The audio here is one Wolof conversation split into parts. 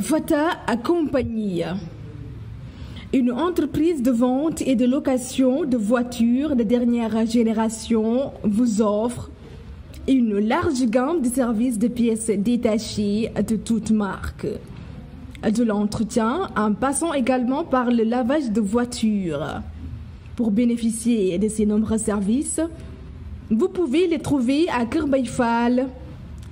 Fata Compagnie, une entreprise de vente et de location de voitures de dernière génération, vous offre une large gamme de services de pièces détachées de toutes marques. De l'entretien en passant également par le lavage de voitures. Pour bénéficier de ces nombreux services, vous pouvez les trouver à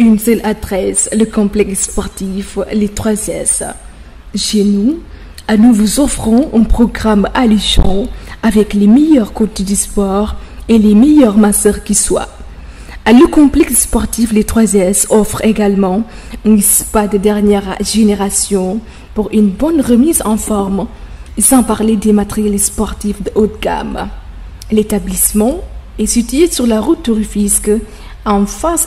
Une seule adresse, le complexe sportif Les 3 Chez nous, nous vous offrons un programme alléchant avec les meilleurs coachs du sport et les meilleurs masseurs qui soient. Le complexe sportif Les 3S également un spa de dernière génération pour une bonne remise en forme, sans parler des matériels sportifs de haute gamme. L'établissement est situé sur la route Rufisque en face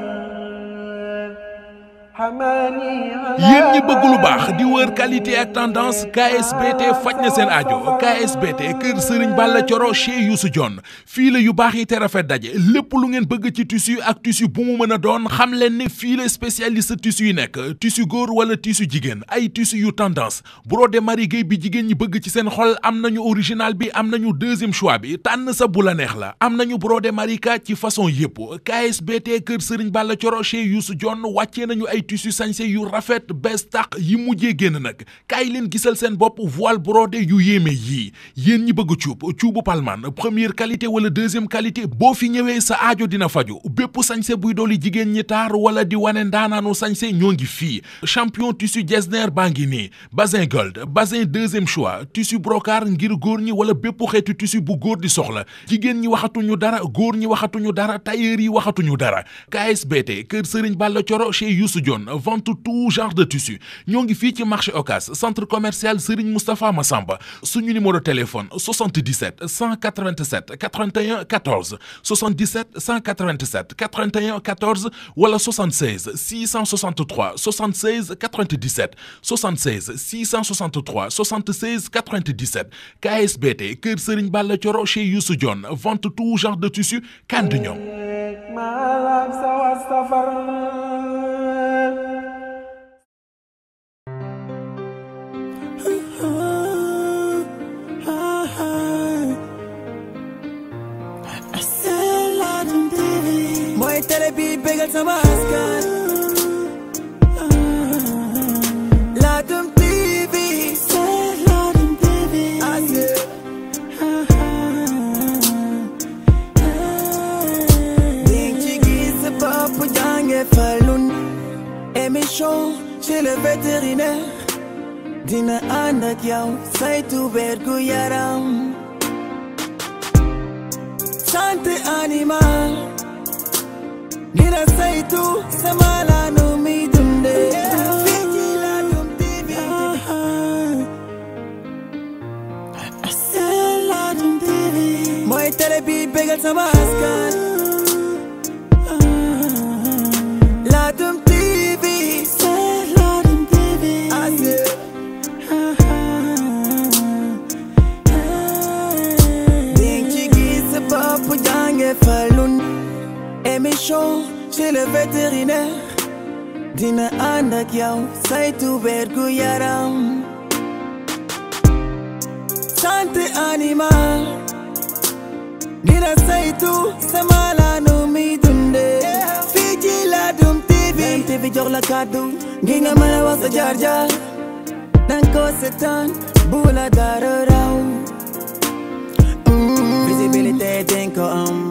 yéen ñi bëgg lu baax di wër qualité ak tendance KSBT faj na seen aajo KSBT kër Serigne Balla coro chez Youssou Dione fii la yu baax yi te rafet daje lépp lu ngeen bëgg ci tissu ak tissu bu mu mën a doon xam leen ne fii la spécialiste tissu yi nekk tissu góor wala tissu jigéen ay tissu yu tendance brodé Marie Guèye bi jigéen ñi bëgg ci seen xol am nañu original bi am nañu deuxième choix bi tànn sa bu la neex la am nañu brodé Marika ci façon yëpp KSBT kër Serigne Balla Thioro chez Youssou Dione nañu ay tissu sañse yu rafet bees tàq yi mujjee génn nag kaay leen gisal seen bopp voile brodé yu yéeme yii yéen ñi bëgg cuub cuubu palmaan première qualité wala deuxième qualité boo fi ñëwee sa aajo dina faju bépp sañse buy dooli jigéen ñi taar wala di wane ndaanaanu sañse ñoo ngi fii champion tissu jesner baa ngi nii bazin gold bazin deuxième choix tissu brocart ngir góor ñi wala bépp xeetu tissu bu góor di soxla jigéen ñi waxatuñu dara góor ñi waxatuñu dara tailleur yi waxatuñu dara KSBT kër Serigne Balla Thioro chez ndeysaan vente tout genre de tissu ñoo ngi fii ci marché Ocass centre commercial Serigne Moustapha Massamba suñu numéro téléphone 77 187 81 14 77 187 81 14 wala 76 663 76 97 76 663 76 97 KSBT Kër Serigne Balla Thioro chez Youssou Dione tout genre de tissu kan du xale bi bégal sama askan Ladoum TV c'est Ladoum TV di ci gis sa bopp jànge falun émission chez le vétérinaire dina ànd ak yow saytu wergu yaram santé animal dina saytu sama laanu mi dunde fii ci Ladoum TV Ladoum TV mooy télé bi bégal sama askan cow chez le vétérinaire dina ànd ak yow saytu wergu yaram santé animal dina saytu sa malaanu mi dunde fii ci Ladoum TV TV jox la kàddu ngi nga mën a wax jaar-jaar dang ko seetaan bu la dara raw visibilité dang am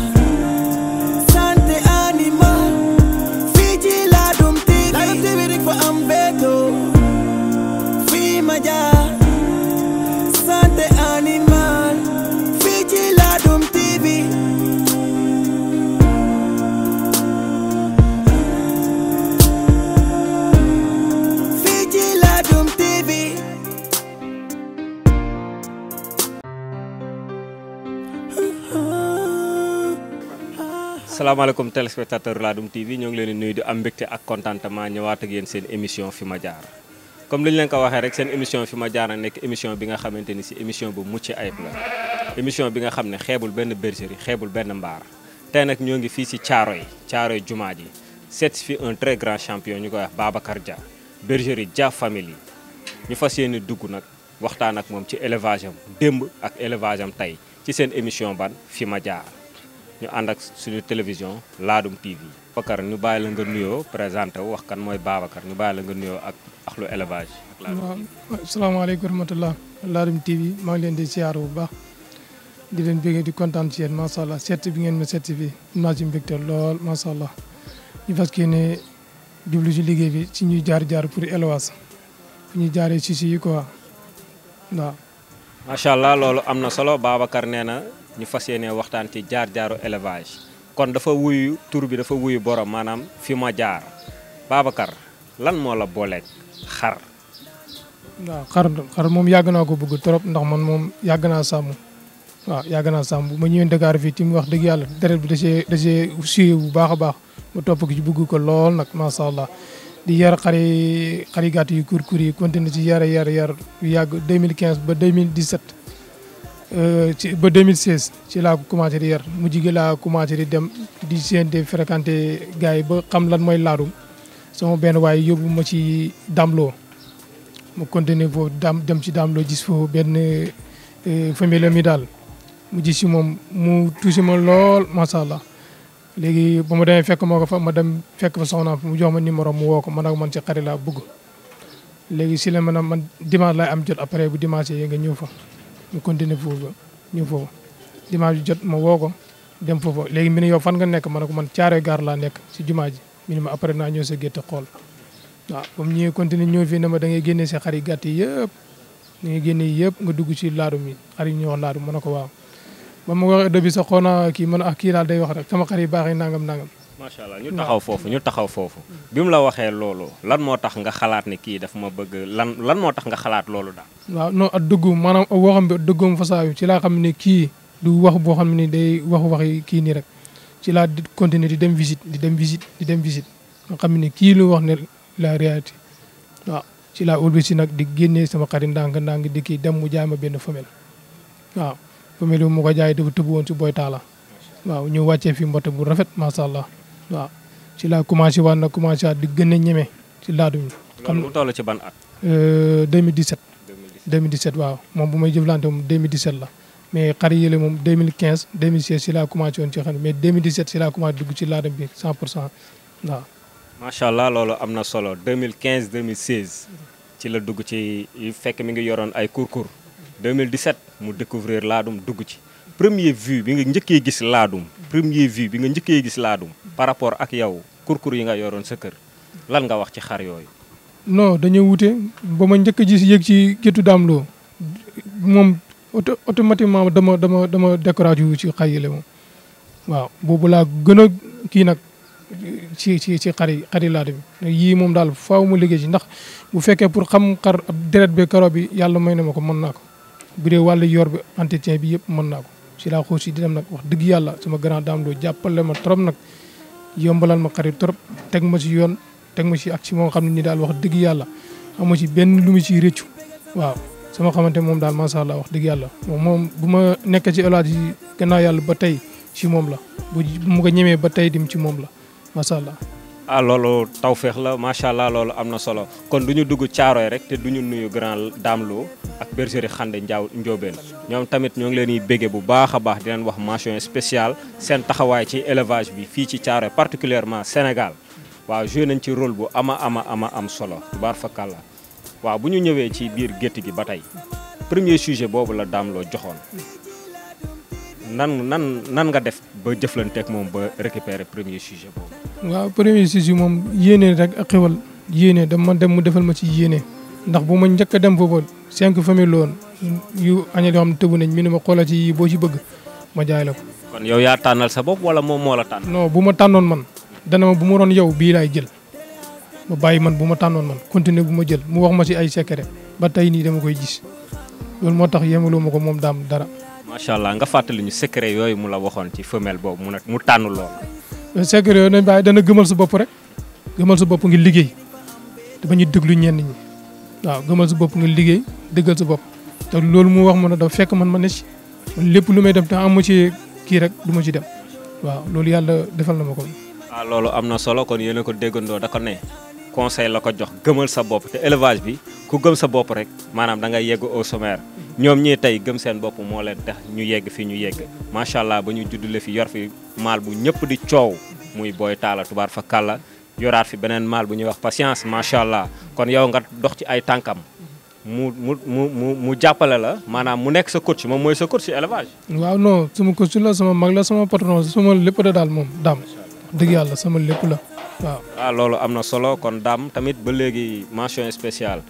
salaamaaleykum téléspectateur Ladoum TV ñoo ngi leen di nuyu di am mbégte ak contentement ñëwaat ak yéen seen émission fi ma jaar comme li ñu leen ko waxee rek seen émission fi ma jaar na nekk émission bi nga xamante ni si émission bu mucc ayib émission bi nga xam ne xeebul benn bergerie xeebul benn mbaar tey nag ñoo ngi fii si Caaroy Caaroy jumaa ji seet fi un très grand champion ñu koy wax Babacar Dia bergerie Dia Family ñu fas yéene dugg nag waxtaan ak moom ci élevage démb ak élevage am tey ci seen émission ban fi ma jaar ñu ànd ak suñu télévision Ladoum TV. Babacar ñu bàyyi la nga nuyoo présenté wu wax kan mooy Babacar ñu bàyyi la nga nuyoo ak axlu élevage. ak Ladoum waaw asalaamaaleykum wa rahmatulah. Ladoum TV maa ngi leen di siyaar bu baax di leen bëggee di kontaan ci yéen macha allah seet bi ngeen ma seet bi naa ci mbégte lool macha allah ñu fas yéene jublu si liggéey bi ci ñuy jaar jaar pour élevage fu ñuy jaaree ci si yi quoi waaw. macha allah loolu am na solo Babacar nee na. ñu fas yéene waxtaan ci jaar-jaaru élevage kon dafa wuyu tur bi dafa wuyu borom maanaam fi ma jaar Babacar lan moo la booleeg xar. waaw xar xar moom yàgg naa ko bëgg trop ndax man moom yàgg naa sàmm waaw yàgg naa sàmm bu ma ñëwee Dakar fii ci wax dëgg yàlla deret bi da see da bu baax a baax ma topp ko ci bëgg ko lool nag macha allah. di yar xari xari gàtt yu kurkur yi continué ci yar yar yar yu yàgg 2015 ba 2017. Euh, ci ba 2016 ci laa ko commencé di yar mu jigéen laa commencé di dem di séente fréquenté gars yi ba xam lan mooy laadum sama benn waaye yóbbu ma ci damloo mu continuer foofu dam dem ci damloo gis foofu benn euh, famille la mi daal mu gis si moom mu tuusi ma lool macha allah léegi ba ma demee fekk moo ko fa ma dem fekk fa soxnaam mu jox ma numéro mu woo ko man ak man ci xarit bugg léegi si la ma man dimanche laay am jot après bu dimanche yee nga ñëw fa. ñu continuer foofu ñu foofu dimanche bi jot ma woo ko dem foofu léegi mi ne yow fan nga nekk ma ne ko man caaree gaar laa nekk si jumaa ji mi ne ma après naa ñëw sa gétt xool waaw ba mu ñëwee continuer ñëw fii ne ma da ngay génnee si xar yi gàtt yi yëpp da ngay génne yëpp nga dugg ci laaru yi xar yi ñuy wax a ko waaw ba ma waxee dëgg sax xoo naa kii man ah kii daal day wax rek sama xar yi baax yi nangam nangam macha allah ñu taxaw foofu ñu taxaw foofu. bi mu la waxee loolu lan moo tax nga xalaat ne kii daf ma bëgg lan lan moo tax nga xalaat loolu daal. waaw non ak dëggum maanaam waxam bi dëggum fasaayu ci laa xam ne kii du wax boo xam ne day wax waxi kii nii rek ci laa continuer di dem visite di dem visite di dem visite nga xam ne kii lu wax ni la réalité waaw ci laa ëllëg si nag di génnee sama xarit ndànk-ndànk di kii dem mu jaay ma benn femelle waaw femelle bi mu ko jaay dafa tëb woon si boy taala ñu wàccee fi mbote bu rafet macha waaw ci laa commencé waat na commencé waat di gën a ñeme ci laadum xam nga mu toll ci ban at. 2017. 2017 waaw moom bu may jëflante moom 2017 la mais xar yële moom 2015 2016 si laa commencé woon ci xam mais 2017 si laa commencé dugg ci laadum bi 100 waaw. macha allah loolu am na solo deux 2015 2016 ci la dugg ci fekk mi ngi yoroon ay kurkur 2017 mu découvrir laadum dugg ci. premier vue bi nga njëkkee gis laadum premier vue bi nga njëkkee gis laadum par rapport ak yow kurkur yi nga yoroon sa kër lan nga wax ci xar yooyu non dañoo wute ba ma njëkk a gis yéeg ci gétu daam loo moom auto automatiquement dama dama dama découragé ci xar yi waaw boobu laa gën a kii nag ci ci ci xar yi xar yi laa yii moom daal faaw mu liggéey si ndax bu fekkee pour xam xar ab deret bi karo bi yàlla may na ma ko mën naa ko bu dee wàllu yor bi entretien bi yëpp mën naa ko ci laa xuus si dinam nag wax dëgg yàlla sama grand dame loo jàppale ma trop nag yombalal ma xarit trop teg ma si yoon teg ma si ak si moo xam ne ni daal wax dëgg yàlla amu si benn lu mu siy rëccu waaw suma xamante moom daal macha allah wax dëgg yàlla moom moom bu ma nekkee ci Elhadji gannaaw yàlla ba tey si moom la bu mu ko ñemee ba tey dim ci moom la macha allah ah loolu tawféex la macha allah loolu am na solo kon du ñu dugg Caaroy rek te du ñu nuyu Grand Dame Lo ak bergerie Xande Njaaw Njoobeen ñoom tamit ñoo ngi leen di béggee bu baaxa baax di leen wax mention spéciale seen taxawaay ci élevage bi fii ci Caaroy particulièrement Sénégal waa joué nañ ci rôle bu ama ama ama am solo tubaar fakàlla waaw bu ñu ñëwee ci biir gétt gi ba tey premier sujet boobu la Dame Lo joxoon nan nan nan nga def ba jëflanteeg moom ba récupérer premier sujet boobu waaw premier juge moom yéene rek ak xewal yéene dama dem mu defal ma ci yéene ndax bu ma njëkk a dem foofa cinq famille la woon yu añal yoo xam ne tëbu nañ mi ne ma xoolal ci yii boo ci bëgg ma jaay la ko. kon yow yaa tànnal sa bopp wala moom moo la tànn. non bu ma tànnoon man dana ma bu ma doon yow bii laay jël ma bàyyi man bu ma tànnoon man continuer bu ma jël mu wax ma ci ay secret ba tey nii dama koy gis loolu moo tax yemaloo ma ko moom daam dara. macha allah nga fàttali ñu secret yooyu mu la waxoon ci femelle boobu mu ne mu tànn lool. secret yooyu nañ bàyyi dana gëmal su bopp rek gëmal su bopp ngi liggéey te ba ñu déglu ñenn ñi waaw gëmal su bopp ngi liggéey dëggal su bopp te loolu mu wax man a dafa fekk man ma ne ci lépp lu may dem te amu ci kii rek du ma ci dem waaw loolu yàlla defal na ma ko. waaw ah, loolu am na solo kon yéen ko déggandoo da ko ne conseil la ko jox gëmal sa bopp te élevage bi ku gëm sa bopp rek maanaam da ngay yegg au sommaire. ñoom ñii tey gëm seen bopp moo leen tax ñu yegg fi ñu yegg macha allah ba ñu juddule fi yor fi maal bu ñëpp di coow muy booy taala tubaar fa kàlla yoraat fi beneen maal bu ñuy wax patience macha allah kon yow nga dox ci ay tànkam mu mu mu mu mu jàppale la maanaam mu nekk sa coach moom mooy sa coach ci élevage. waaw non sama coach la sama mag la suma patron suma lépp la daal moom daam dëgg yàlla sama lépp la. waaw ah, loolu am na solo kon daam tamit ba léegi mention spéciale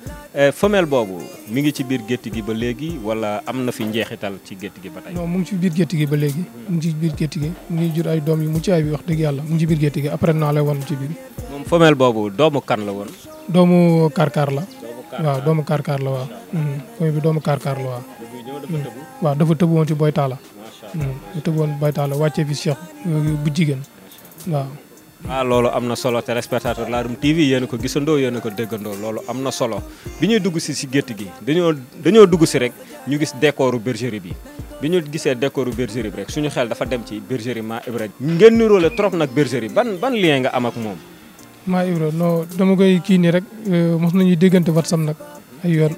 eh, femelle boobu mu ngi ci biir gétt gi ba léegi wala am na fi njeexital ci gétt gi ba tey. non mu ngi ci biir gétt gi ba léegi. mu ngi ci biir gétt gi mu ngi jur ay doom yu mucc ay bi wax dëgg yàlla mu ngi ci biir gétt gi après naa lay wan ci biir. moom femelle boobu doomu kan la woon. doomu karkar la. waaw doomu karkar la waaw. femelle bi doomu karkar la waaw. dafa tëb hmm. woon ci boytaala. macha allah hmm, dafa tëb woon boytaala wàccee fi Cheikh euh, bu jigéen waaw. waaw ah, loolu am na solo laa Ladoum TV yéen a ko gisandoo yéen a ko déggandoo loolu am na solo bi ñuy dugg si si gétt gi dañoo dañoo dugg si rek ñu gis décoru bergerie bi bi ñu gisee décoru bergerie bi rek suñu xel dafa dem ci bergerie Mame Ibra ngeen niroole trop nag bergerie ban ban lien nga am ak moom Mame Ibra non dama koy kii nii rek euh, mos nañuy déggante sam nag ay yoon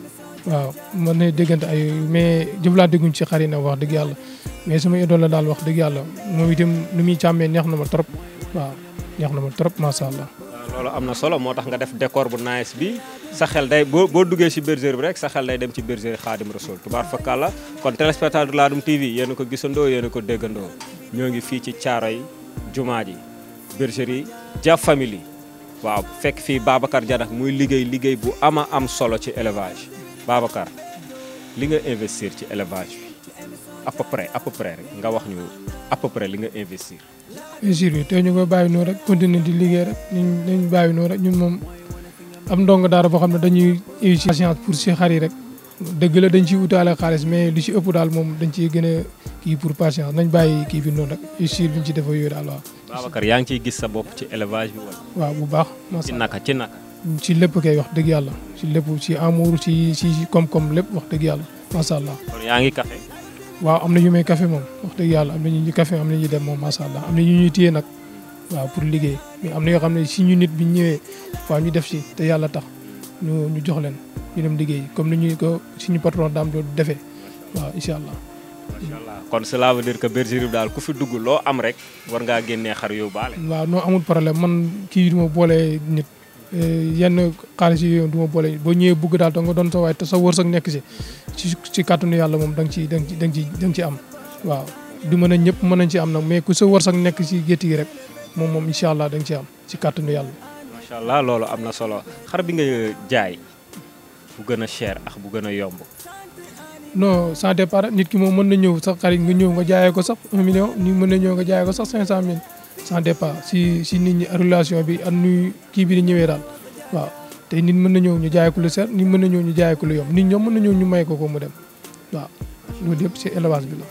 waaw mën nañu déggante ay mais jëflante guñ ci xarit nag wax dëgg yàlla mais sama idole la daal wax dëgg yàlla moom itam lu muy càmmee neex na ma trop waaw neex na ma trop macha allah. loolu am na solo moo tax nga def décor bu nice bi sa xel day boo boo duggee ci bergerie bi rek sa xel day dem ci bergerie Khadim Rassoul tubaar fakkaala kon téléspectateur Ladoum TV yéen a ko gisandoo yéen a ko déggandoo ñoo ngi fii ci caaro yi jumaa ji bergerie Dia yi waaw fekk fii Babacar Dia muy liggéey liggéey bu ama am solo ci élevage Babacar li nga investir ci élevage bi à peu près à peu rek nga wax ñu à peu près li nga investir. investir bi te ñu koy bàyyi noonu rek continuer di liggéey rek ñu ñu bàyyi noonu rek ñun moom am ndongo daara boo xam ne dañuy réussir patience pour si xar yi rek dëgg la dañ ciy utaale xaalis mais li ci ëpp daal moom dañ ciy gën a kii pour patience nañ bàyyi kii bi noonu rek réussir bi ñu ci defa yooyu daal waaw. Babacar yaa ngi ciy gis sa bopp ci élevage bi waaw bu baax. ci naka ci naka. ci lépp kay wax dëgg yàlla ci lépp ci amour ci ci koom-koom lépp wax dëgg yàlla macha allah. yaa ngi café. waaw am na ñu may kafe moom wax yàlla am na ñu ñuy café am na ñuy moom macha allah am na ñu ñu téye nag waaw pour liggéey mais am na yoo xam ne si ñu nit bi ñëwee waaw ñu def si te yàlla tax ñu ñu jox leen ñu dem liggéey comme ni ñu ko suñu patron daam doon defee waaw incha allah. macha allah kon cela veut dire que bergerie daal ku fi dugg loo am rek war ngaa génne xar yóbbaale. waaw non amul problème man kii bi ma boolee nit. Eh, yenn xaalis yi yoon du boole boo ñëwee bugg daal da nga doon sa waay te sa wërsëg nekk si ci ci kàttanu yàlla moom da nga ci da ci da nga ci da nga am waaw du mën a ñëpp mën nañ ci am nag mais ku sa nekk si gétt yi rek moom moom incha allah da am ci kàttanu yàlla macha allah loolu am na solo xar bi nga jaay bu gën a cher ak bu gën a yomb non sans départ nit ki moom mën na ñëw sax xarit nga ñëw nga jaayee ko sax un million ni mën na ñëw nga jaayee ko sax cent mille sans départ si si nit ñi relation bi ak nuy kii bi ñëwee daal waaw te nit mën na ñëw ñu jaay ko lu seet nit mën na ñëw ñu jaay ko lu nit ñoom mën na ñëw ñu may ko ko mu dem waaw loolu yëpp si élevage bi la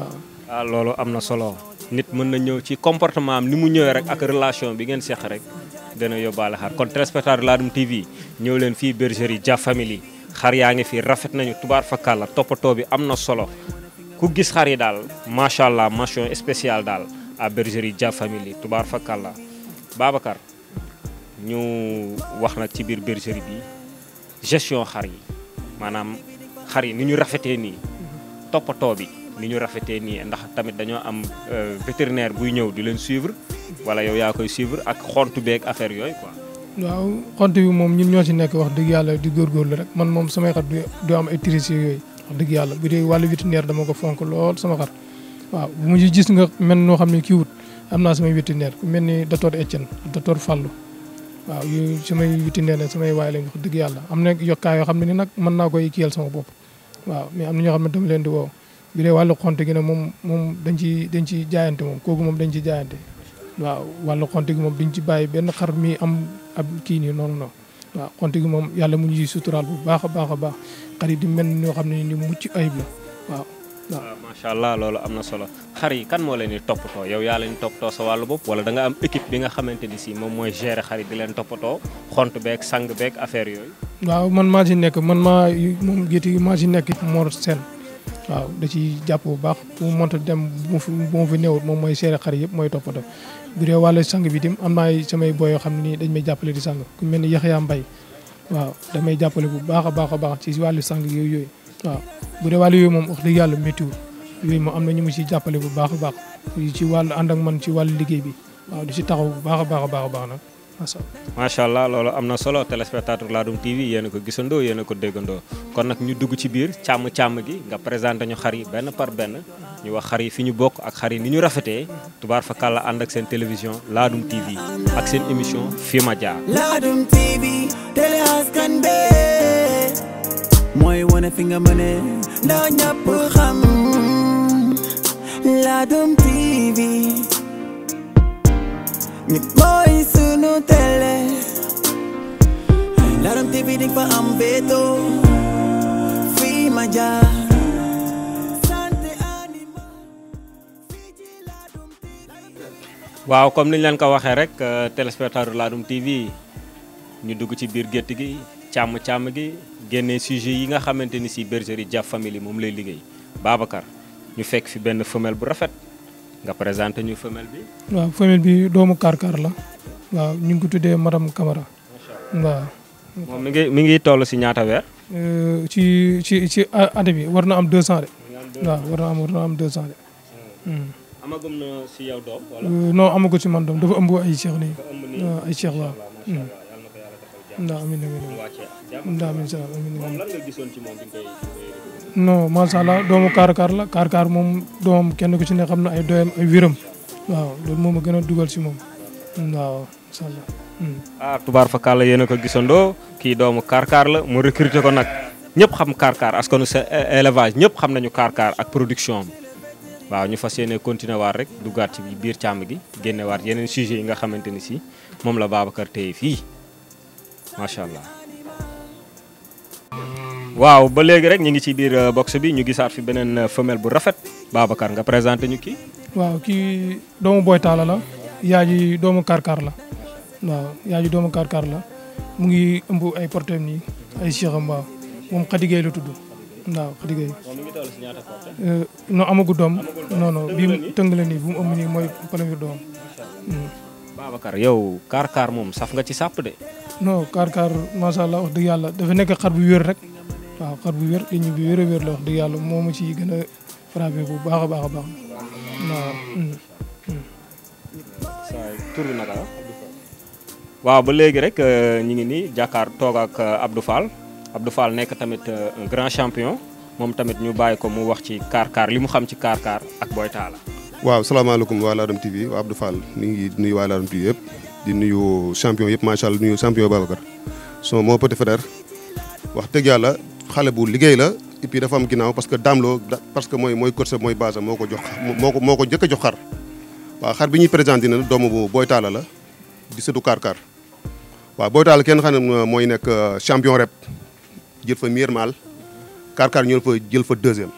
waaw. Ah, loolu am na solo nit mën na ñëw ci comportement am ni mu ñëwee rek ak relation bi ngeen seq rek dana yóbbaale xar kon téléspectateur Ladoum TV ñëw leen fii bergerie Dia yi xar yaa ngi fii rafet nañu tubaar fakkaal la toppatoo bi am na solo ku gis xar yi daal macha allah mention spéciale daal. à bergerie Dia Family tubaar la Babacar ñu wax na ci biir bergerie bi gestion xar yi maanaam xar yi ni ñu rafetee nii toppatoo bi ni ñu rafetee nii ndax tamit dañoo am euh, vétérinaire buy ñëw di leen suivre wala yow yaa koy suivre ak xontu beeg affaire yooyu quoi. waaw xont bi moom ñun ñoo ci nekk wax dëgg yàlla di góorgóorlu rek man moom samay xar du am ay yooyu wax dëgg yàlla bu dee wàllu vétérinaire dama ko fonk lool sama xar. waaw bu mujj gis nga mel noo xam ne kii wut am naa samay vétérinaire ku mel ni docteur Etienne docteur Fallou waaw yooyu samay vétérinaire la samay waay lañ wax dëgg yàlla am na yokkaay yoo xam ne ni nag mën naa koy kiyal sama bopp waaw mais am na ñoo xam ne dama leen di woo bi dee wàllu xonte gi nag moom moom dañ ci dañ ci jaayante moom kooku moom dañ ci jaayante waaw wàllu xonte gi moom duñ ci bàyyi benn xar mii am ab kii nii noonu noonu waaw xonte gi moom yàlla mu ngi suturaal bu baax a baax a baax xar yi di mel ñoo xam ne ni mucc ayib la waaw waaw ah, macha allah loolu am na solo xar yi kan moo leen di toppatoo yow yaa leen di toppatoo sa wàllu bopp wala da nga am équipe bi nga xamante ni si moom mooy gérer xar yi di leen toppatoo xont beek sang beek affaire yooyu. waaw man maa ci nekk man maa moom gétt yi maa ci nekk Mor Sène waaw da ci jàpp bu baax bu mu dem bu moom mooy gérer xar yëpp mooy toppatoo. bu dee wàllu sang bi tim am naa samay boy yoo xam ne dañ may jàppale di sang ku mel ni Yaxya Mbay waaw damay jàppale bu baax a baax baax ci wàllu sang yooyu yooyu. waaw bu dee wàllu yooyu moom wax dëgg yàlla méttiwul yooyu moom am na ñu mu ciy jàppale bu baax a baax ci wàllu ànd ak man ci wàllu liggéey bi waaw di ci taxaw bu baax baax a baax a baax nag macha allah loolu am na solo téléspectateur Ladoum TV yéen a ko gisandoo yéen a ko déggandoo kon nag ñu dugg ci biir càmm càmm gi nga présenté ñu xar yi benn par benn ñu wax xar yi fi ñu bokk ak xar yi ni ñu rafetee tubaar fa kàlla ànd ak seen télévision Ladoum TV ak seen émission fi ma jaar mooy wane fi nga mëne ndax ñëpp xam Ladoum TV nit mooy sunu télé Ladoum TV di fa am béto fi ma waaw comme niñ leen ko waxee rek euh, téléspectateur Ladoum TV ñu dugg ci biir gétt gi càmm càmm gi génnee sujet yi nga xamante ni si bergerie Dia Family moom lay liggéey Babacar ñu fekk fi benn femelle bu rafet nga présenté ñu femelle bi. waaw femelle bi doomu Karkar la waaw ñu ngi ko tuddee madame Camara waaw. moom mi ngi mi ngi toll si ñaata weer. Euh, ci ci ci année bi war na am 200 de. am war na de. Hmm. Hmm. amagum na si yow doom wala. Euh, non amagu si man doom dafa ëmb ay ceex nii. ay ceex waaw. Hmm. ndax amiin amiin gisoon ci moom bi nga koy non allah doomu kaar kaar la kaar kaar moom doom kenn ku ci ne xam na ay doyam ay wiram waaw loolu moom a gën a dugal si moom waaw macha allah. Hmm. tubaar fa kaar la yéen ko gisandoo kii doomu kaar kaar la mu recruté ko nag ñëpp xam kaar kaar askanu sa eh, élevage ñëpp xam nañu kaar kaar ak production bi waaw ñu fas yéene continuer waar rek duggaat ci biir càmm gi génnewaat yeneen sujets yi nga xamante ni si moom la Babacar téye fii. macha allah. waaw ba léegi rek ñu ngi ci biir euh, box bi ñu gisaat fi beneen euh, femelle bu rafet Babacar nga présenté ñu kii. waaw kii doomu Boy taala la yaa doomu Karkar la waaw doomu Karkar la mu ngi ëmb ay portem nii ay Cheikham waaw moom Xadigéey la tudd waaw Xadigéey. Euh, doom. non non bii tëng la nii bu mu ëmb nii mooy premier doom. Babacar yow kaar kaar moom saf nga ci sàpp de. non kaar kaar macha allah wax dëgg yàlla dafa nekk xar bu wér rek waaw xar bu wér ligne bi wér wér la wax dëgg yàlla moo ci ciy gën bu baax a baax a baax mm, mm. ba léegi rek euh, ñu ngi nii jàkkaar toog ak euh, Abdou nekk tamit euh, un grand champion moom tamit ñu bàyyi ko mu wax ci kaar kaar li mu xam ci kaar kaar ak Boy waaw salaamaaleykum waa Ladoum TV waa Abdou Fall ñu ngi nuyu waa Ladoum TV yëpp di nuyu champion yëpp macha allah nuyu champion Babacar son moo petit frère wax dëgg yàlla xale bu liggéey la et puis dafa am ginnaaw parce que daamloo parce que mooy mooy course mooy base moo ko jox moo ko moo ko njëkk a jox xar waaw xar bi ñuy présenté na doomu bu Boy Talla la di sëtu Karkar waaw Boy Talla kenn xam ne euh, mooy nekk euh, champion rep jël fa meilleur mâle Karkar ñëw fa jël fa deuxième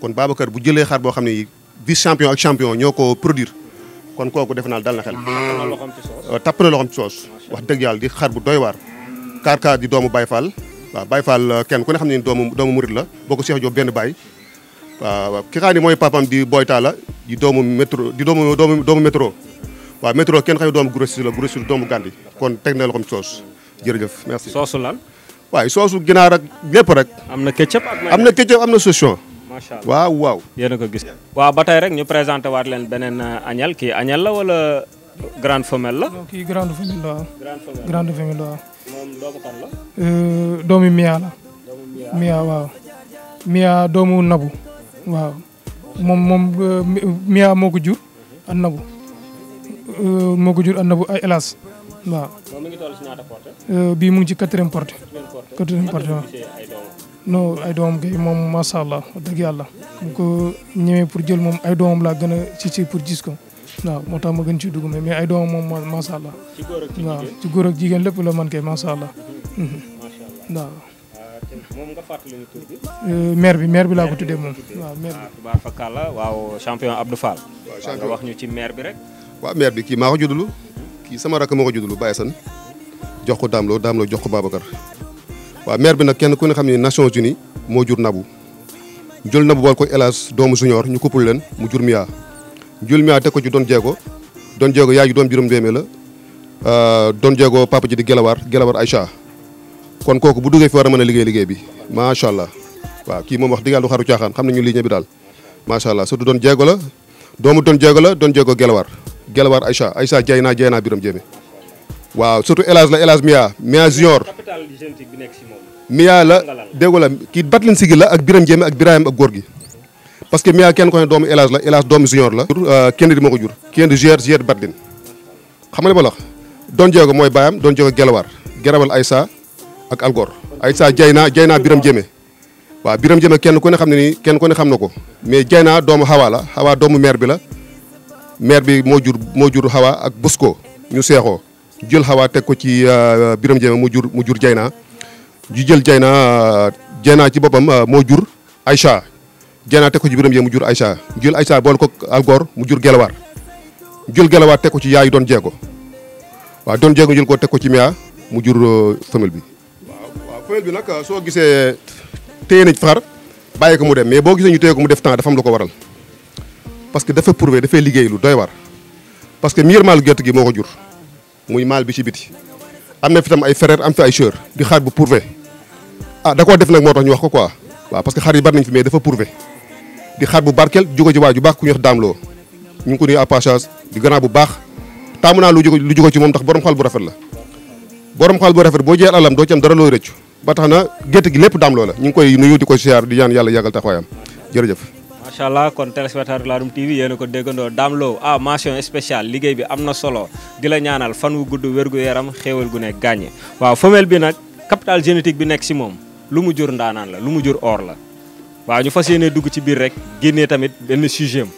kon Babacar bu jëlee xar boo xam ne vice champion champion ñoo ko produire kon kooku defe naa dal na xel. Ah. tàpp soos wax dëgg yàlla di xar bu doy waar. kaar kaar di doomu Baye Fall waaw Baye Fall euh, kenn ku ne xam ne doomu doomu Murit la boo ko Cheikh Diop benn Baye. waaw mooy papam di Boy Talla di doomu métro di doomu doomu doomu métro waaw métro kenn xam ne doomu la Gros doomu Gandhi kon teg na loxoom ci soos jërëjëf merci. soosu lan. waaye soosu ginaar ak lépp rek. am na ketchup am na ketchup am na saucisson macha allah waaw waaw. yéen a ko gis. waaw ba tey rek ñu présenté waat leen beneen euh, añal kii añal la wala grande femelle la. ki kii grande femelle la waaw. grande femelle la waaw. moom doomu kan la. Euh, doomu Mia la. doomu Mia Mia waaw. Mia doomu Nabu. waaw moom moom euh, Mia moo ko jur ak Nabu. moo jur ak Nabu ay hélas. waaw. bii mu ci quatrième portée. quatrième portée waaw. non ay doom kay moom macha allah dëgg yàlla bu ko ñëwee pour jël moom ay doom laa gën a ci ci pour gis ko waaw moo tax ma gën ci dugg mais ay doomam moom macha allah. ci góor ak jigéen lépp la man mhm. ah, nga fàttali bi. Euh, maire bi maire bi laa ko tuddee moom waaw maire bi. waaw ah, Fakala waaw champion Abdou wax ñu ci maire bi rek. waaw maire bi kii maa ko juddulu kii sama rakk moo ko juddulu Baye San jox ko Dame Lo Dame jox ko Babacar. waaw maire bi nag kenn ku ne xam ne Nations Unies moo jur nabu jël nabu bool ko hélas doomu junior ñu kuppul leen mu jur miyaa jul miyaa teg ko ci doon jeego doon jeego yaay ji doom juróom déemee la euh, doon jeego papa ji di gelawaar gelawaar Aïcha kon kooku bu duggee fi war a liggéey liggéey bi macha allah waaw kii moom wax dëgg yàlla du xaru caaxaan xam nañu ligne bi daal macha allah surtout doon jeego la doomu doon jeego la doon jeego gelawaar gelawaar Aïcha Aïcha jay naa jay naa biram jéeme waaw surtout El Hadj la El Hadj Mia Mia Junior Mia la déggoo la kii Batlin Sigi la ak Biram Jéeme ak Birayam ak góor gi parce que Mia kenn ko ne doomu El Hadj la El doomu Junior la. Euh, kenn di moo ko jur kenn di gér gér Batlin xam nga li ma la wax Don Diego mooy baayam Don Diego Gelawaar Gerabal Aïssa ak Algor Aïssa Jayna Jayna Biram Jéeme waaw Biram Jéeme kenn ko ne xam ne nii kenn ko ne xam na ko mais Jayna doomu Hawa la Hawa doomu mère bi la mère bi moo jur moo jur Hawa ak Bosco ñu seexoo. jël xawaa teg ko ci euh, Biram Jeyna mu jur mu jur Jeyna ju jël Jeyna Jeyna euh, ci boppam euh, moo jur Aïcha Jeyna teg ko ci Biram Jeyna mu jur ay Aïcha jël Aïcha boole ko algoor mu jur Gelawaar jël Gelawaar teg ko ci yaayu doon jeego waaw doon jeego jël ko teg ko ci Mia mu jur femelle bi. waaw waaw bi nag soo gisee téye nañ faxar bàyyi ko mu dem mais boo gisee ñu téye ko mu def temps dafa am lu ko waral parce que dafa prouvé dafay liggéey lu doy war parce que miir maalu gerte gi moo ko jur. muy maal bi ci biti am na fi tam ay frère am fi ay sœur di xaar bu pourvé ah da def nag moo tax ñu wax ko quoi waaw parce que xar yi bari nañ fi mais dafa pourvé di xar bu barkeel jóge ci waa ju baax ku ñuy wax daamloo ñu ngi ko nuyu à passage bu baax taamu naa lu jóge lu jóge ci moom ndax borom xol bu rafet la borom xol bu rafet boo jël alam doo ci am dara looy rëccu ba tax na gerte gi lépp daamloo la ñu ngi koy nuyu di ko siyaar di ñaan yàlla yàggal taxawaayam jërëjëf macha allah kon téléspectateur Ladoum TV yéen a ko déggandoo Dame Lo ah mention spéciale liggéey bi am na solo di la ñaanal fan wu gudd wér gu yaram xéewal gu ne gàññe waaw femelle bi nag capital génétique bi nekk si moom lu mu jur ndaanaan la lu mu jur oor la waaw ñu fa yéene dugg ci biir rek génnee tamit benn sujet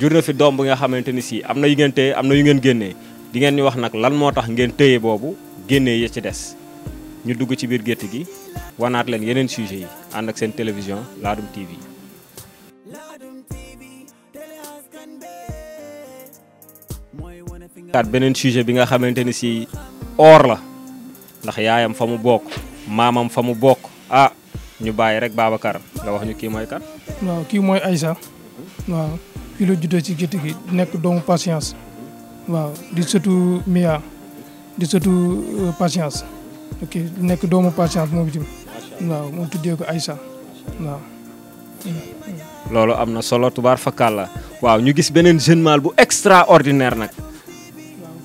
jur na fi doom bi nga xamante ni sii am na yu ngeen téye am na yu ngeen génnee di ngeen ñu wax nag lan moo tax ngeen téye boobu génnee yi ci des ñu dugg ci biir gétt gi wanaat leen yeneen sujet yi ànd ak seen télévision Ladoum TV. kaat beneen sujet bi nga xamante ni si or la ndax yaayam fa mu bokk maamam fa mu bokk ah ñu bàyyi rek Babacar nga wax ñu kii mooy kan. waaw kii mooy Aïssa mhm. waaw fii la juddoo ci gétt gi nekk doomu patience waaw di sëtu di sëtu euh, patience nekk doomu patience moom itam waaw moom tuddee ko Aïssa waaw. loolu am na solo tubaar fakkaal la waaw ñu gis beneen jeune mâle bu extraordinaire nag.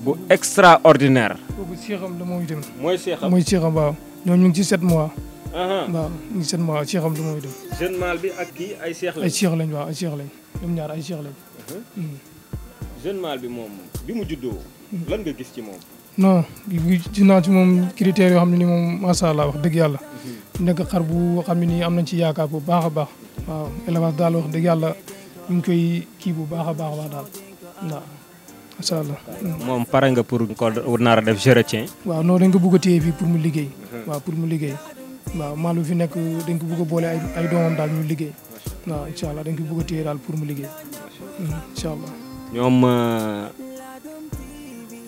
bu extraordinaire. boobu seexam la mooy dem. mooy seexam mooy seexam waaw. ñoom ñu ngi ci set mois. waaw ñu ngi 7 mois seexam la mooy dem. jeune mâle bi ak kii ay seex lañ. seex lañ waaw ay seex lañ ñoom ñaar ay seex lañ. Hmm. jeune mâle bi moom bi mu juddoo. Hmm. lan nga gis ci moom. non gis naa ci moom critères yoo xam ne ni moom macha allah wax dëgg yàlla. Hmm. nekk xar bu xam ne nii am na ci yaakaar bu baax a baax. waaw élevage daal wax dëgg yàlla ñu ngi koy kii bu baax a baax daal incha moom pare nga pour ko nar a def je retiens. waaw non dañ ko bugg a téye fii pour mu liggéey. waaw pour mu liggéey. waaw Maal bi fi nekk dañ ko bugg a boole ay ay daal ñu liggéey. waaw incha allah dañ ko téye daal pour mu liggéey. Hmm, incha allah. ñoom euh,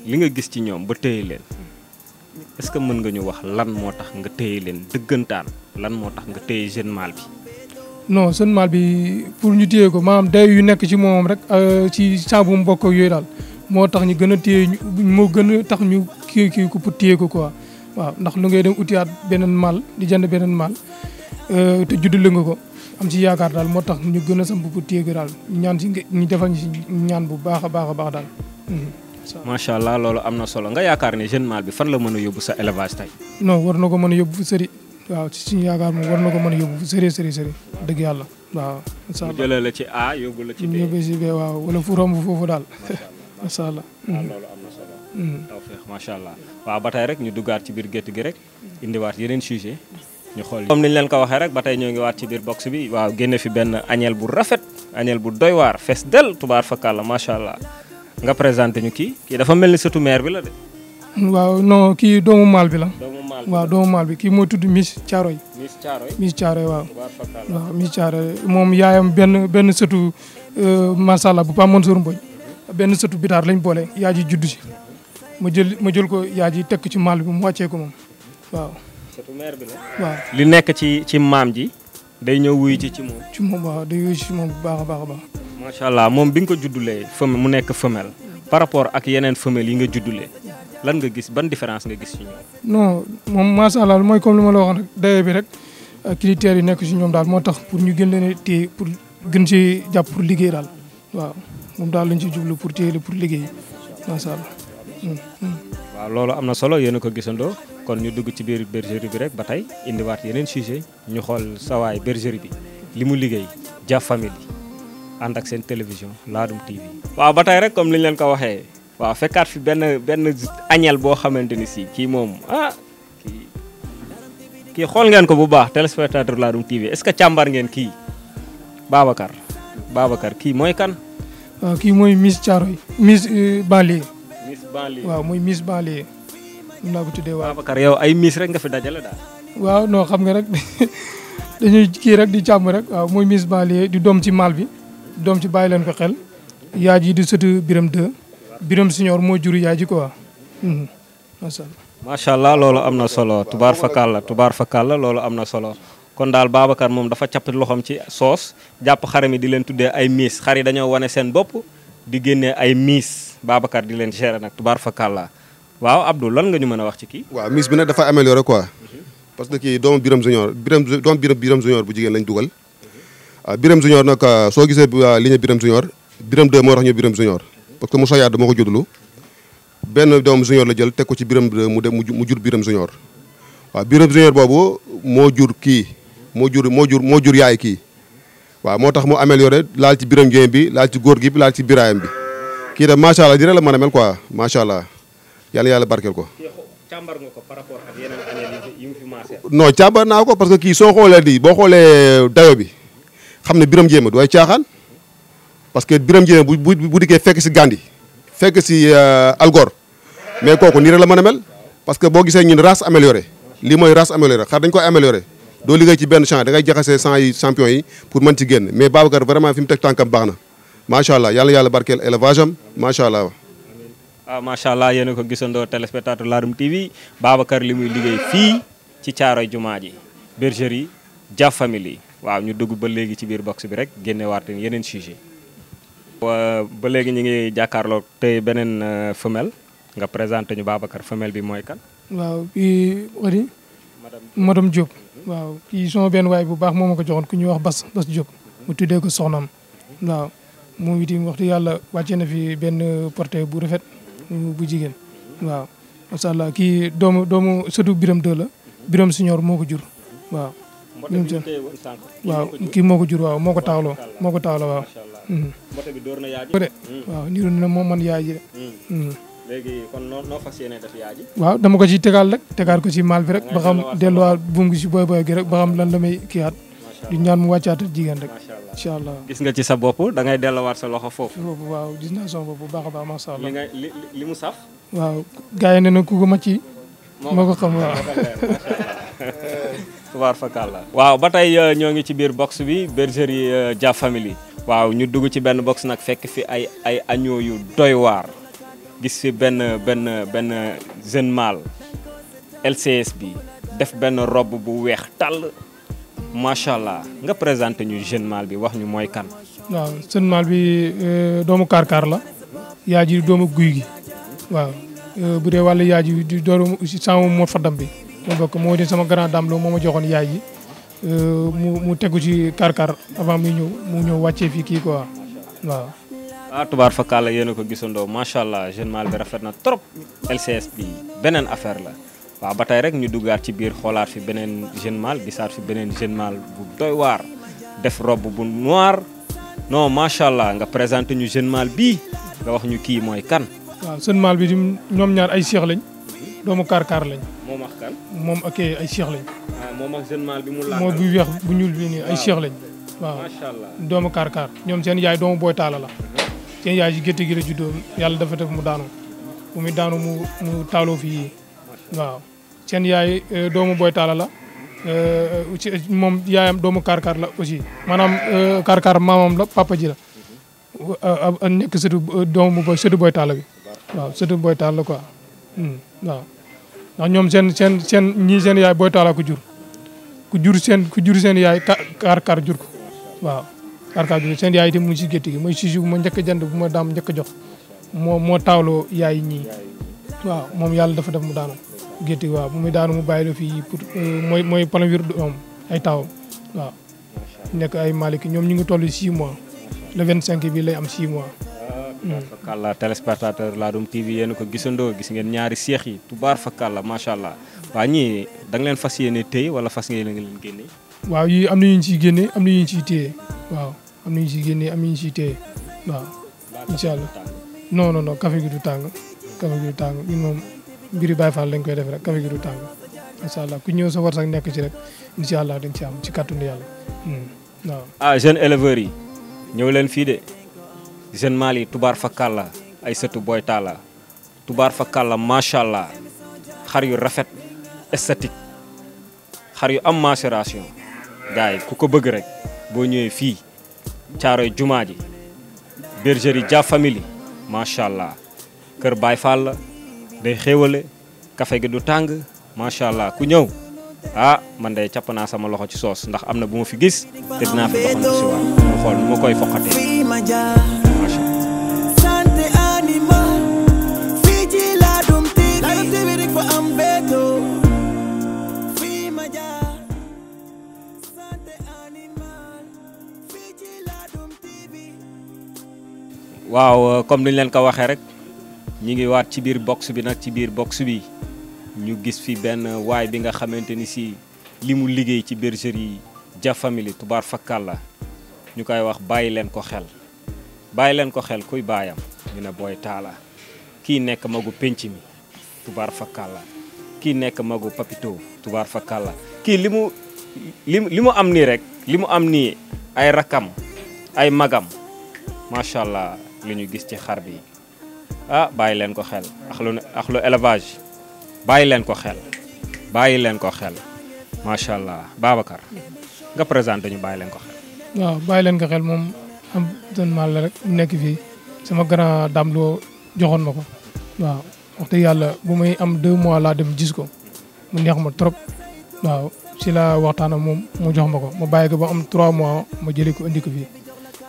li nga gis ci ñoom ba téye leen est-ce que mën nga ñu wax lan moo tax nga téye leen dëggantaan lan moo tax nga téye jeune Maal bi. non jeune bi pour ñu téye ko maanaam day yu nekk ci moom rek euh, ci saabu mbokk yooyu moo tax ñu gën a téye moo gën tax ñu kii kii ko pour téye ko quoi waaw ndax lu ngay dem utiwaat beneen mal di jënd beneen mal euh, te juddale nga ko am ci yaakaar daal moo tax ñu gën a samp pour téye ko daal ñaan si ñu defal ñu si ñaan bu baax a baax a baax daal. Mhm. macha allah loolu am na solo nga yaakaar ne jeune mal bi fan la mën a yóbbu sa élevage tey. no war na ko mën a yóbbu fu sëri waaw ci suñu yaakaar moom war na ko mën a yóbbu fu sëri sëri sëri dëgg yàlla waaw. A yóbbu wala fu romb daal. macha allah waaw ah, mm-hmm. loolu mm-hmm. macha allah waaw ba tey rek ñu duggaat ci biir gétt gi rek indiwaat yeneen sujet ñu xool comme niñ leen ko waxee rek ba tey ñoo ngi waat ci biir box bi waaw génne fi benn añeel bu rafet añeel bu doy waar fees del tubaar fakàlla macha allah nga présenté ñu kii kii dafa mel ni sëtu maire bi la de. waaw non kii doomu maal bi la. doomu bi waaw doomu maal bi kii mooy tudd Miss Thiaroye. Miss Thiaroye Miss Thiaroye waaw. moom yaayam benn benn sëtu euh, macha allah bu Pa Mansour Mbodj. benn sëtu bitaar lañ boole yaa ji juddu si ma jël ma jël ko yaa ji tekk ci maal bi mu wàccee ko moom waaw. sëtu bi la. waaw li nekk ci ci maam ji day ñëw wuyu ci ci moom. ci moom waaw day bu baax a baax a baax. macha allah moom bi nga ko juddulee femelle mu nekk femelle par rapport ak yeneen femelle yi nga juddulee lan nga gis ban différence nga gis ci no moom macha allah mooy comme lu ma la waxoon rek dayoo bi rek euh, critères yi nekk ci ñoom daal moo tax pour ñu gën leen a téye pour gën ci jàpp pour liggéey daal moom daal lañu ci jublu pour téye pour liggéey macha waaw loolu am na solo yéen a ko gisandoo kon ñu dugg ci biir bergerie bi rek ba tey indiwaat yeneen sujet ñu xool sawaay bergerie bi li mu liggéey Dia Family ànd ak seen télévision Ladoum TV. waaw ba tey rek comme liñ leen ko waxee waaw fekkaat fi benn benn añel boo xamante ni si kii moom ah, kii xool ngeen ko bu baax téléspectateur Ladoum TV est-ce que càmbar ngeen kii Babacar Babacar kii mooy kan. waaw euh, kii mooy Miss Thiaroye Miss euh, banlieue. Miss banlieue waaw mooy Miss banlieue. mun naa ko tuddee waaw Babacar yow ay Miss rek nga fi dajale daal. waaw noo xam nga rek dañuy kii rek di càmm rek waaw mooy Miss banlieue di doom ci maal bi. doom ci bàyyi leen ko xel. yaay ji di sëtu biram 2. biram Senior moo jur yaay ji ko mhm. macha allah macha allah loolu am na solo tubaar fakal la tubaar fakal la loolu am na solo. kon daal Babacar moom dafa capp loxoom ci soos jàpp xaram mi di leen tuddee ay miis xar yi dañoo wane seen bopp di génnee ay miis Babacar di leen gérer nag tubaar fa kàllaa waaw Abdou lan nga ñu mën a wax ci kii. waaw miis bi nag dafa amélioré quoi. parce que kii doomu Biram Junior Biram doomu Biram Biram Junior bu jigéen lañ dugal. Ah, Biram Junior nag ah, soo gisee ah, li ñu Biram Junior Biram 2 moo tax ñu Biram Junior parce que Moussa Yade moo ko juddlu benn doomu Junior la jël teg ko ci Biram 2 mu dem mu jur Biram Junior waaw Biram Junior boobu moo jur kii. moo jur moo jur moo jur yaay kii waaw moo tax mu amélioré laal ci biram géem bi laal ci góor gi bi laal ci biraayam bi kii da macha allah dina la mën a mel macha allah yàlla yàlla barkeel ko. càmbar nga ko par naa ko parce que kii soo xoolee di boo xoolee dayo bi xam ne biram jéema du ay caaxaan parce que biram jéema bu bu bu dikkee fekk si gandi fekk si euh, algor mais kooku nii rek la mën mel parce que boo gisee ne race amélioré lii mooy ras amélioré xar dañ koy amélioré. doo liggéey ci benn champ da ngay jaxasee champs yi champion yi pour mën ci génn mais Babacar vraiment fi mu teg tànkam baax na macha allah yàlla yàlla barkeel élevage am macha allah. waaw ah, macha allah yéen a ko gisandoo téléspectateur Ladoum TV Babacar li muy liggéey fii ci yi jumaa ji bergerie Dia Family waaw ñu dugg ba léegi ci biir box bi rek génneewaat yeneen sujet ba léegi ñu ngi jàkkaarloo tey beneen euh, femelle nga présenté ñu Babacar femelle bi mooy kan. madame Diop waaw kii sama benn waay bu baax moo ma ko joxoon ku ñuy wax Bas Bas Diop mu tuddee ko soxnaam waaw moom itam waxtu yàlla wàccee na fi benn porté bu rafet bu jigéen waaw macha allah kii doomu doomu sëtu Biram Dë la Biram Siñoor moo ko jur waaw waaw kii moo ko jur waaw moo ko taawloo moo ko taawloo waaw mm. mm. waaw niru na moom man yaay ji de mm. léegi kon noo fas yéene def yaa ji. waaw dama ko ci tegaal rek tegaat ko ci maal bi rek ba xam delluwaat buum gi si boy boy gi rek ba xam lan la may kiiwaat. du ñaan mu wàccaatal jigéen rek. gis nga ci sa bopp dangay ngay delluwaat sa loxo foofu. foofu waaw gis naa sama bopp bu baax a baax macha allah. li li li mu sax waaw gars ne na ku ko ma ci. moo ko xam waaw. tubaar waaw ba tey euh, ñoo ngi ci biir box bi bergerie euh, Dia Family waaw ñu dugg ci benn box nag fekk fi ay ay agneau yu doy waar. gis fi benn benn benn jeune mâle LCS bi def benn robe bu weex tàll macha allah nga présenté ñu jeune mâle bi wax ñu mooy kan. waaw jeune mâle bi euh, doomu Karkar la. yaa ji doomu guy gi. waaw euh, bu dee wàllu yaay ji di doomu sàmm moo faddam bi. loolu bokk moo di sama grand dame loo moo ma joxoon yaay ji euh, mu mu tegu ci Karkar avant muy ñëw mu ñëw wàccee fii kii quoi waaw. ah tubaar fakkaala yéen a ko gisandoo macha allah jeune mal bi rafet na trop LCS bi beneen affaire la waaw ba tey rek ñu duggaat ci biir xoolaat fi beneen jeune mâle gisaat fi beneen jeune mâle bu waar def robe bu noir non macha nga présenté ñu jeune mâle bii wax ñu kii mooy kan. waaw jeune mâle bi ñoom ñaar ay seex lañ doomu kaar-kaar lañ. moom ak kan moom ak ah, moom ak jeune mâle bi mu laaj. moo bu weex bu ñuul bi nii ay seex lañ. waaw macha allah doomu kaar-kaar ñoom seen yaay doomu booy taala la. Mhm. seen yaay ji gétt gi la juddoo yàlla dafa def mu daanu bu muy daanu mu mu taaloo fii waaw seen yaay euh, doomu boy taala la euh, moom yaayam doomu karkar la aussi maanaam euh, karkar maamam la papa la a nekk sëtu doomu boy sëtu boy taala bi waaw sëtu boy taala la quoi hmm, waaw ndax ñoom seen seen seen ñii seen yaay boy taala ku jur ku jur seen ku jur seen yaay karkar jur ko waaw barka bi seen yaay itam mu ngi si gétt gi mooy si bu ma njëkk a jënd bu daam njëkk jox moo moo taawloo yaay ñii waaw moom yàlla dafa def mu daanu gétt gi waaw bu muy daanu mu bàyyi la fi pour euh, mooy mooy premier doom ay taawam waaw nekk ay Malick ñoom ñu ngi toll 6 mois le 25 bi lay am si mois fakalla téléspectateur Ladoum TV yéen ko gisandoo gis ngeen ñaari seex yi tubaar fakalla macha allah da leen fas yéene téye wala fas ngeen leen génne waaw yii am na ñu ciy génne am na ñu si téye waaw am nañu si génnee am nañu si téye waaw incha allah non non non gi du tàng café gi du tàng ñun moom mbiri Baye Fall lañ koy def rek café gi du tàng incha allah ku ñëw sa war sax nekk ci rek incha allah dañ ci am ci kàttanu yàlla hmm, waaw. ah jeunes éleveurs yi ñëw leen fii de jeune mal yi tubaar fakkal la ay sëtu booy taala tubaar fa la macha allah xar yu rafet esthétique xar yu am macération gars yi ku ko bëgg rek boo ñëwee fii. caaroy jumaa ji bergerie Dia Family macha allah kër Baye Fall la day xéewale kafe gi du tàng macha allah ku ñëw ah man day càpp naa sama loxo ci soos ndax am na bu ma fi gis te dinaa fi doxal si waat mu xool nu koy foqatee. waaw euh, comme ni leen ko waxee rek ñu ngi waat ci biir box bi nag ci biir box bi ñu gis fi benn waay bi nga xamante ni si li mu liggéey ci bergerie Dia Family tubaar fakkal la ñu koy wax bàyyi leen ko xel bàyyi leen ko xel kuy baayam ñu ne booy taala kii nekk magu pénc mi tubaar fakkal la kii nekk magu papito tubaar fakkal la kii li mu li li mu am nii rek li mu am nii ay rakam ay magam macha allah lu ñu gis ci xar bi ah bàyyi leen ko xel ak lu ak élevage bàyyi leen ko xel bàyyi leen ko xel macha allah Babacar nga présenté ñu bàyyi leen ko xel. waaw bàyyi leen ko xel moom am na la rek nekk fii sama grand dam joxoon ma ko waaw wax dëgg yàlla bu may am deux mois laa dem gis ko mu neex ma trop waaw si la waxtaana moom mu jox ma ko mu bàyyi ko ba am trois mois ma jëlee ko indi ko fii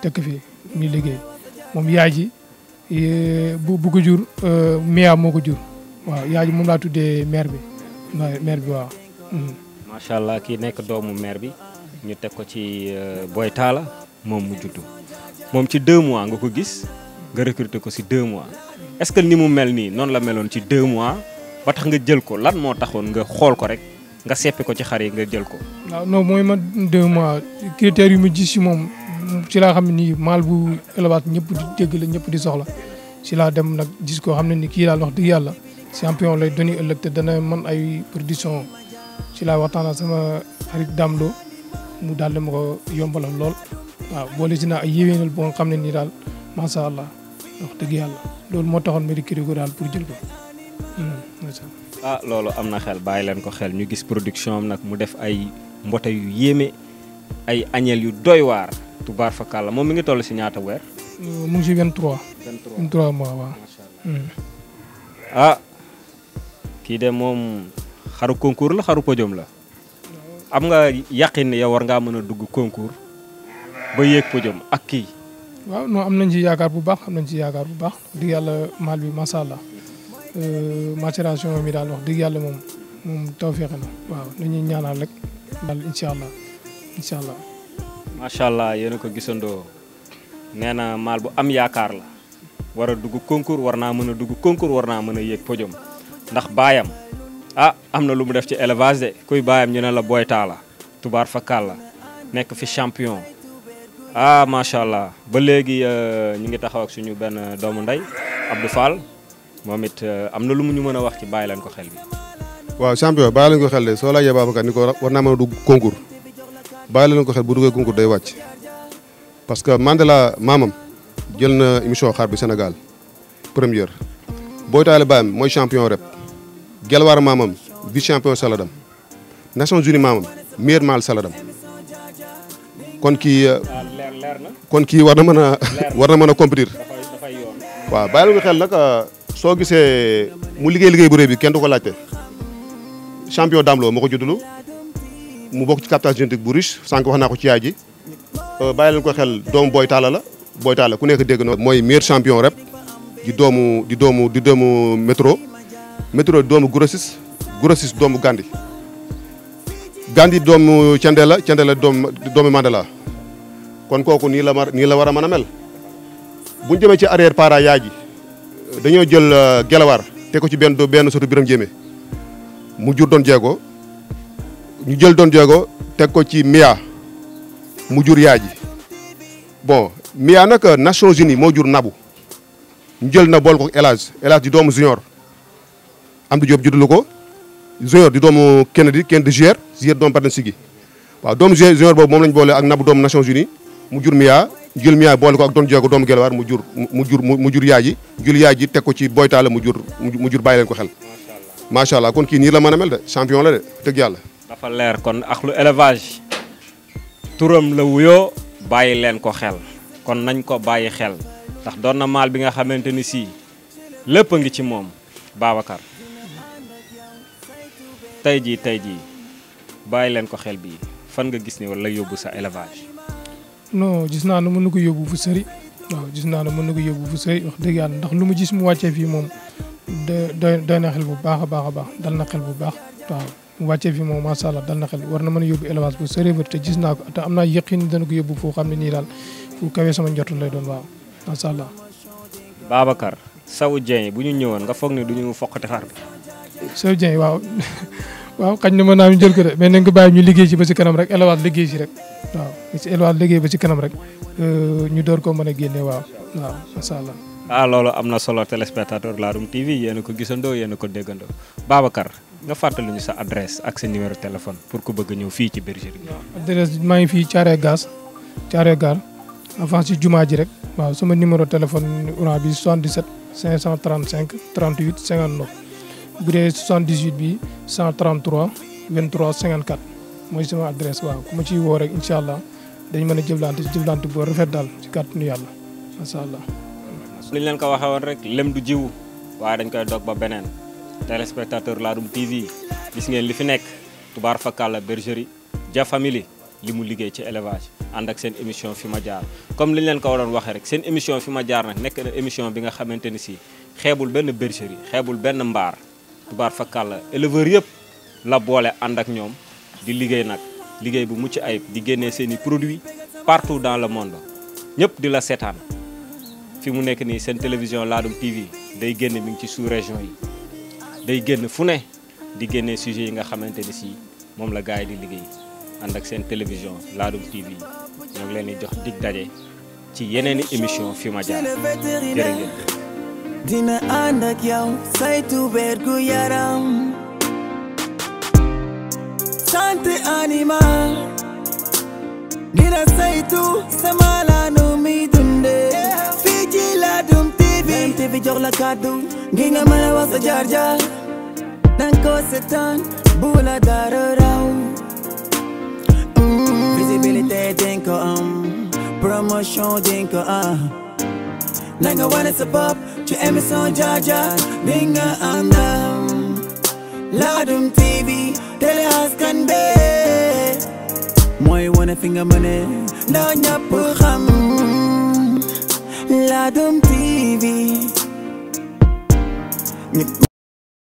tekk fii ñu liggéey. moom yaay ji eh, bu bu ko jur eh, Mia moo ko jur waaw yaay ji moom laa tuddee mère bi mère bi waaw. Mm. macha allah kii nekk doomu mère bi ñu teg ko ci eh, booy Talla moom mu juddu moom ci deux mois nga ko gis nga recruter ko si deux mois est-ce que ni mu mel nii noonu la meloon ci deux mois ba tax nga jël ko lan moo taxoon nga xool ko rek nga seppi ko ci xar yi nga jël ko. waaw non mooy ma deux mois yu mu gis si moom. ci laa xam ne nii maal bu élevage ñëpp di dégg la ñëpp di soxla ci laa dem nag gis ko xam ne ni kii daal wax dëgg yàlla champion lay doni ëllëg te dana mën ay production ci laa waxtaan sama xarit Dame mu daal di ko yombalal lool waaw boole naa ay yéwénal boo xam ne nii daal macha allah dëgg yàlla loolu moo taxoon Mady Kirikou daal pour jël ko. Hmm, ah loolu am na xel bàyyi leen ko xel ñu gis production am nag mu def ay mbote yu yéeme ay añel yu doy waar. tubaar fakkaal la moom mi ngi toll si ñaata weer. Euh, mu ngi si 23. 23 23 mois waaw. Mm. ah. kii de moom xaru concours la xaru podium la. am nga yaqin yow war ngaa mën a dugg concours ba yéeg podium ak kii. waaw non am nañ ci yaakaar bu baax am nañ ci yaakaar bu baax digg yàlla maal bi macha allah euh, maturation mi daal wax dëgg yàlla moom moom tawféex na waaw nañuy ñaanal rek daal incha allah. macha allah yéen ko gisandoo nee na maal bu am yaakaar la war a dugg concours war naa mën a dugg concours war naa mën a yéeg podium ndax baayam a ah, am na lu mu def ci élevage de kuy baayam ñu ne la Boy Talla tubaar fakal la nekk fi champion ah macha allah ba léegi euh, ñu ngi taxaw ak suñu benn doomu ndey Abdou Fall moom it euh, am na lu mu ñu mën a wax ci bàyyi leen ko xel bi waaw champion bàyyi leen ko xel de soo laajee Babacar ni ko war naa mën a dugg concours bàyyi leen ko xel bu duggee concours day wàcc parce que Mandela maamam jël na émission xaar bi Sénégal première Boy Taale baayam mooy champion rep Gelwaar maamam vice champion saladam Nations Unies maamam meilleur saladam kon kii euh, ah, kon kii war na mën a war na mën a compétir waaw bàyyi leen xel nag euh, soo gisee mu liggéey liggéey bu rëy bi kenn du ko laajte champion Damlo moo ko juddulu mu bokk ci captage génétique bu riche sànq wax naa ko ci yaay ji euh, bàyyi leen ko xel doomu Boy Talla la Boy Talla ku nekk dégg na mooy meilleur champion rep di doomu di doomu di doomu métro métro doomu Grossis Grossis doomu Gandhi gandi doomu Candela Candela doomu doomu kon kooku nii la ma nii la war a mën a mel bu ñu jëmee ci arrière para yaay ji dañoo jël euh, gelawaar te ko ci benn benn sotu biram jéeme mu jur doon jeego ñu jël doon Diego teg ko ci Mia mu jur yaay ji bon Mia nag euh, Nations Unies moo jur nabu ñu jël na bool ko El Hadj El Hadj di doomu Junior Amdi Diop juddalu ko Junior di doomu Kennedy Kennedy Gier Gier doomu Patten Sigi waaw doomu Junior boobu moom lañ boole ak nabu doomu Nations Unies mu jur Mia jël Mia boole ko ak Don Diego doomu Gelwaar mu jur mu jur mu jur yaay ji jël yaay ji teg ko ci boytaala mu jur mu jur bàyyi leen ko xel macha allah kon kii nii la mën a mel de champion la de dëgg yàlla dafa leer kon ak lu élevage turam la wuyoo bàyyi leen ko xel kon nañ ko bàyyi xel ndax doon na maal bi nga xamante ni sii lépp a ngi ci moom baabakar tey jii tey jii bàyyi leen ko xel bii fan nga gis ni wala yóbbu sa élevage. non gis naa ne mën na ko yóbbu fu sëri waaw gis naa ne mën na ko yóbbu fu sëri wax dëgg yàlla ndax lu mu gis mu wàccee fii moom doy doy na xel bu baax a baax a baax dal na xel bu baax waaw. mu wàccee fi moom macha allah dal na xel war na mën a yóbbu élevage bu sëree te gis naa ko te am naa yëqin dana ko yóbbu foo xam ne nii daal fu kawee sama njortul lay doon waaw macha allah. Babacar Sow Dieng bu ñu ñëwoon nga foog ne du ñu foqati xar waaw waaw xañ na mën naa ñu mais nañ ko bàyyi ñu liggéey ci ba ci kanam rek élevage liggéey ci rek waaw ci élevage liggéey ci kanam rek euh, ñu door koo mën a génne waaw waaw macha allah. Ah, loolu am na solo téléspectateur Ladoum TV yéen a ko gisandoo yéen a ko déggandoo Babacar nga fàttali ñu sa adresse ak sa numéro téléphone pour ku bëgg ñëw fii ci bergerie bi. adresse maa ngi fii Thiaré Gaz Thiaré Gare avant ci jumaa ji rek waaw sama numéro téléphone Orange bi 77 535 38 59 bu dee 78 bi 133 23 54 mooy sama adresse waaw ku ma ciy woo rek incha allah dañ mën a jëflante jëflante boo rafet daal ci kàttanu yàlla macha allah. li ñu leen ko waxee woon rek lem du jiwu waaye dañ koy dog ba beneen. téléspectateur Ladoum TV gis ngeen li fi nekk tubaar fakalla bergerie Dia Family li mu liggéey ci élevage ànd ak seen émission fi ma jaar comme li ñu leen ko waroon waxee rek seen émission fi ma jaar nag nekk na émission bi nga xamante ni si xeebul benn bergerie xeebul benn mbaar tubaar fakalla éleveur yëpp la boole ànd ak ñoom di liggéey nag liggéey bu mucc ayib di génnee seen i produits partout dans le monde ñëpp di la seetaan fi mu nekk nii seen télévision Ladoum TV day génn mi ngi ci sous région yi day génn fu ne di génnee sujet yi nga xamante ni si moom la gars yi di liggéey ànd ak seen télévision Ladoum TV ñoo ngi leen di jox dig daje ci yeneeni émission fi ma jaar jërë dina ànd ak yow saytu wér yaram santé animal dina saytu sama laanu mi dundee fii ci Ladoum TV TV jox la kàddu ngi nga mën a wax sa jaar jaar danga mm. ko seetaan bu la dara raw visibilité dinga am promotion dinga am nanga wane sa bopp ci Jaja bi nga am ndam Ladoum TV mooy wane fi nga mëne ndax ñëpp xam Ladoum